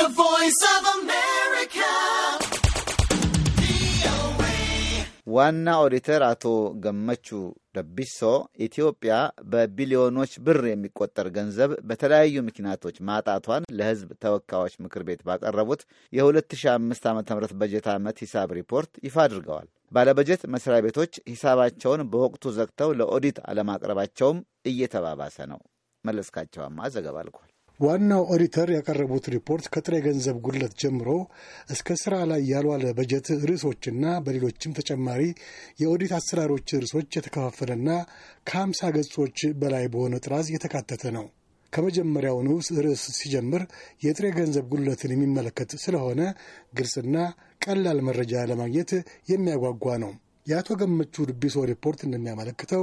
The Voice of America. ዋና ኦዲተር አቶ ገመቹ ደቢሶ ኢትዮጵያ በቢሊዮኖች ብር የሚቆጠር ገንዘብ በተለያዩ ምክንያቶች ማጣቷን ለሕዝብ ተወካዮች ምክር ቤት ባቀረቡት የ2005 ዓ ም በጀት ዓመት ሂሳብ ሪፖርት ይፋ አድርገዋል። ባለበጀት መስሪያ ቤቶች ሂሳባቸውን በወቅቱ ዘግተው ለኦዲት አለማቅረባቸውም እየተባባሰ ነው። መለስካቸው አማ ዘገባ አልኳል። ዋናው ኦዲተር ያቀረቡት ሪፖርት ከጥሬ ገንዘብ ጉድለት ጀምሮ እስከ ስራ ላይ ያልዋለ በጀት ርዕሶችና በሌሎችም ተጨማሪ የኦዲት አሰራሮች ርዕሶች የተከፋፈለና ከአምሳ ገጾች በላይ በሆነ ጥራዝ የተካተተ ነው። ከመጀመሪያው ንዑስ ርዕስ ሲጀምር የጥሬ ገንዘብ ጉድለትን የሚመለከት ስለሆነ ግልጽና ቀላል መረጃ ለማግኘት የሚያጓጓ ነው። የአቶ ገመቹ ድቢሶ ሪፖርት እንደሚያመለክተው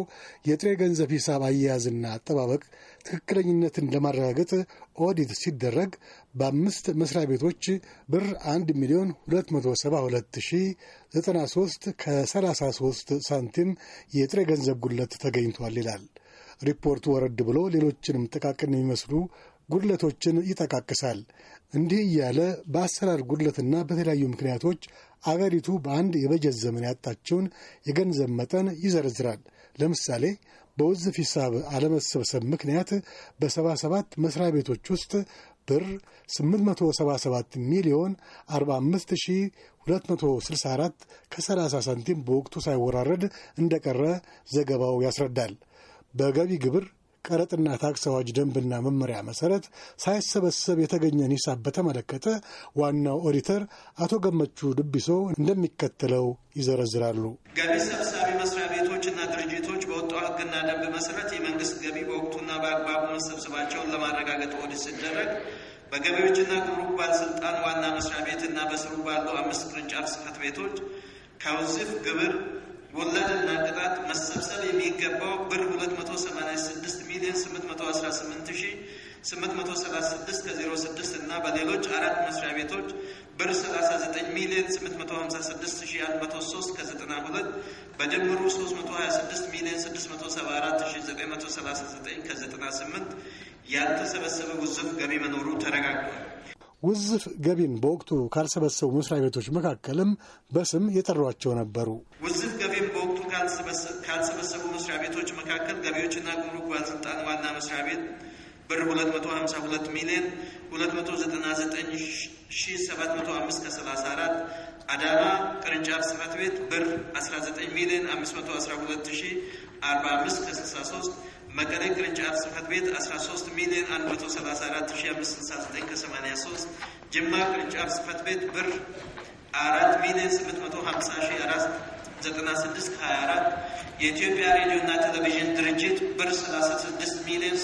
የጥሬ ገንዘብ ሂሳብ አያያዝና አጠባበቅ ትክክለኝነትን ለማረጋገጥ ኦዲት ሲደረግ በአምስት መስሪያ ቤቶች ብር 1 ሚሊዮን 272093 ከ33 ሳንቲም የጥሬ ገንዘብ ጉድለት ተገኝቷል ይላል። ሪፖርቱ ወረድ ብሎ ሌሎችንም ጥቃቅን የሚመስሉ ጉድለቶችን ይጠቃቅሳል። እንዲህ እያለ በአሰራር ጉድለትና በተለያዩ ምክንያቶች አገሪቱ በአንድ የበጀት ዘመን ያጣችውን የገንዘብ መጠን ይዘረዝራል። ለምሳሌ በውዝፍ ሂሳብ አለመሰብሰብ ምክንያት በ77 መስሪያ ቤቶች ውስጥ ብር 877 ሚሊዮን 45264 ከ30 ሳንቲም በወቅቱ ሳይወራረድ እንደቀረ ዘገባው ያስረዳል። በገቢ ግብር ቀረጥና ታክስ አዋጅ ደንብና መመሪያ መሰረት ሳይሰበሰብ የተገኘን ሂሳብ በተመለከተ ዋናው ኦዲተር አቶ ገመቹ ድቢሶ እንደሚከተለው ይዘረዝራሉ። ገቢ ሰብሳቢ መስሪያ ቤቶችና ድርጅቶች በወጣው ሕግና ደንብ መሰረት የመንግስት ገቢ በወቅቱና በአግባቡ መሰብሰባቸውን ለማረጋገጥ ኦዲት ሲደረግ በገቢዎችና ጉምሩክ ባለስልጣን ዋና መስሪያ ቤትና በስሩ ባሉ አምስት ቅርንጫፍ ጽሕፈት ቤቶች ከውዝፍ ግብር ወለድና ቅጣት መሰብሰብ የሚገባው ብር 286 ሚሊዮን 818,836 ከ06 እና በሌሎች አራት መስሪያ ቤቶች ብር 39 ሚሊዮን 856,103 ከ92 በድምሩ 326 ሚሊዮን 674,939 ከ98 ያልተሰበሰበ ውዝፍ ገቢ መኖሩ ተረጋግጧል። ውዝፍ ገቢን በወቅቱ ካልሰበሰቡ መስሪያ ቤቶች መካከልም በስም የጠሯቸው ነበሩ። ካልሰበሰቡ መስሪያ ቤቶች መካከል ገቢዎችና ጉምሩክ ባለስልጣን ዋና መስሪያ ቤት ብር 252 ሚሊዮን 299705 ከ34 አዳማ ቅርንጫፍ ጽህፈት ቤት ብር 19 ሚሊዮን 512045 ከ63 መቀሌ ቅርንጫፍ ጽህፈት ቤት 13 ሚሊዮን 134569 ከ83 ጅማ ቅርንጫፍ ጽህፈት ቤት ብር 4 ሚሊዮን 8504 24 የኢትዮጵያ ሬዲዮ እና ቴሌቪዥን ድርጅት ብር 36 ሚሊዮን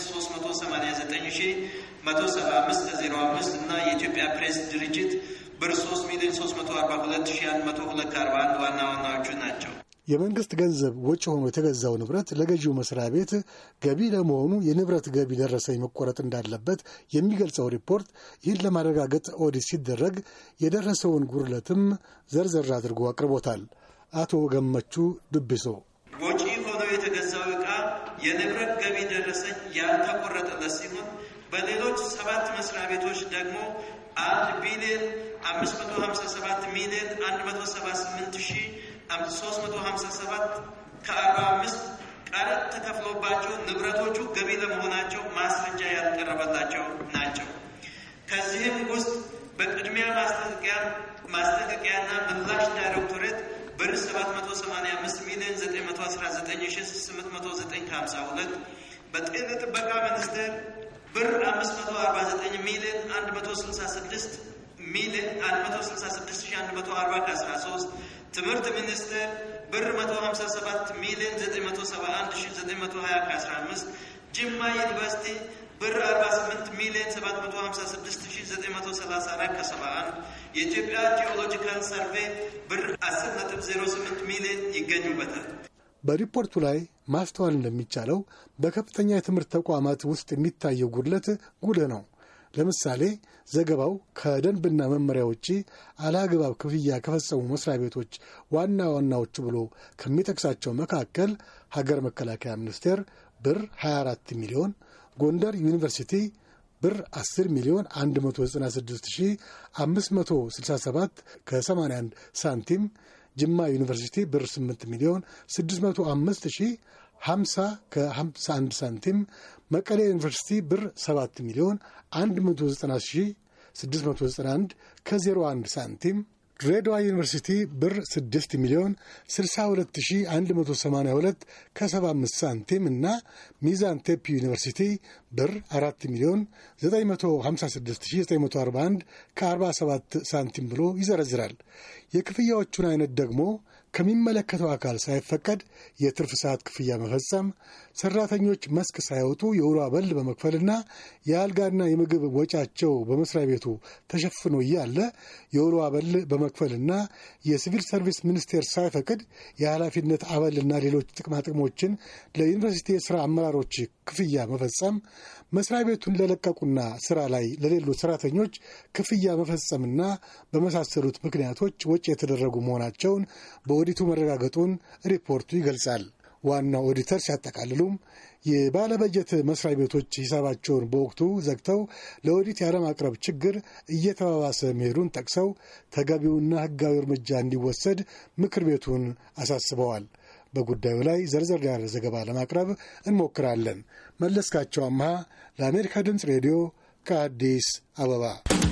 እና የኢትዮጵያ ፕሬስ ድርጅት ብር 3 ሚሊዮን 342141 ዋና ዋናዎቹ ናቸው። የመንግስት ገንዘብ ወጪ ሆኖ የተገዛው ንብረት ለገዢው መስሪያ ቤት ገቢ ለመሆኑ የንብረት ገቢ ደረሰኝ መቆረጥ እንዳለበት የሚገልጸው ሪፖርት ይህን ለማረጋገጥ ኦዲት ሲደረግ የደረሰውን ጉድለትም ዘርዘር አድርጎ አቅርቦታል። አቶ ገመቹ ድብሶ ወጪ ሆኖ የተገዛው እቃ የንብረት ገቢ ደረሰኝ ያልተቆረጠለት ሲሆን በሌሎች ሰባት መስሪያ ቤቶች ደግሞ አንድ ቢሊዮን አምስት መቶ ሀምሳ ሰባት ሚሊዮን አንድ መቶ ሰባ ስምንት ሺ ሶስት መቶ ሀምሳ ሰባት ከአርባ አምስት 9852 በጤና ጥበቃ ሚኒስቴር ብር 549 ሚሊዮን 166 ሚሊዮን ከ13 ትምህርት ሚኒስቴር ብር 157 ሚሊዮን 971920 ጅማ ዩኒቨርሲቲ ብር 48 ሚሊዮን 756934 ከ71 የኢትዮጵያ ጂኦሎጂካል ሰርቬይ ብር 10.08 ሚሊዮን ይገኙበታል። በሪፖርቱ ላይ ማስተዋል እንደሚቻለው በከፍተኛ የትምህርት ተቋማት ውስጥ የሚታየው ጉድለት ጉልህ ነው። ለምሳሌ ዘገባው ከደንብና መመሪያ ውጪ አላግባብ ክፍያ ከፈጸሙ መስሪያ ቤቶች ዋና ዋናዎቹ ብሎ ከሚጠቅሳቸው መካከል ሀገር መከላከያ ሚኒስቴር ብር 24 ሚሊዮን፣ ጎንደር ዩኒቨርሲቲ ብር 10 ሚሊዮን 196567 ከ81 ሳንቲም ጅማ ዩኒቨርሲቲ ብር 8 ሚሊዮን 605 ሺህ 50 ከ51 ሳንቲም፣ መቀሌ ዩኒቨርሲቲ ብር 7 ሚሊዮን 190 ሺህ 691 ከ01 ሳንቲም ድሬዳዋ ዩኒቨርሲቲ ብር 6 ሚሊዮን 62182 ከ75 ሳንቲም እና ሚዛን ቴፕ ዩኒቨርሲቲ ብር 4 ሚሊዮን 956941 ከ47 ሳንቲም ብሎ ይዘረዝራል። የክፍያዎቹን አይነት ደግሞ ከሚመለከተው አካል ሳይፈቀድ የትርፍ ሰዓት ክፍያ መፈጸም፣ ሰራተኞች መስክ ሳይወጡ የውሎ አበል በመክፈልና የአልጋና የምግብ ወጫቸው በመስሪያ ቤቱ ተሸፍኖ እያለ የውሎ አበል በመክፈልና የሲቪል ሰርቪስ ሚኒስቴር ሳይፈቅድ የኃላፊነት አበልና ሌሎች ጥቅማጥቅሞችን ለዩኒቨርሲቲ የሥራ አመራሮች ክፍያ መፈጸም፣ መስሪያ ቤቱን ለለቀቁና ስራ ላይ ለሌሉ ሰራተኞች ክፍያ መፈጸምና በመሳሰሉት ምክንያቶች ወጪ የተደረጉ መሆናቸውን በኦዲቱ መረጋገጡን ሪፖርቱ ይገልጻል። ዋናው ኦዲተር ሲያጠቃልሉም የባለበጀት መስሪያ ቤቶች ሂሳባቸውን በወቅቱ ዘግተው ለኦዲት ያለማቅረብ ችግር እየተባባሰ መሄዱን ጠቅሰው ተገቢውና ሕጋዊ እርምጃ እንዲወሰድ ምክር ቤቱን አሳስበዋል። በጉዳዩ ላይ ዘርዘር ያለ ዘገባ ለማቅረብ እንሞክራለን። መለስካቸው አምሃ ለአሜሪካ ድምፅ ሬዲዮ ከአዲስ አበባ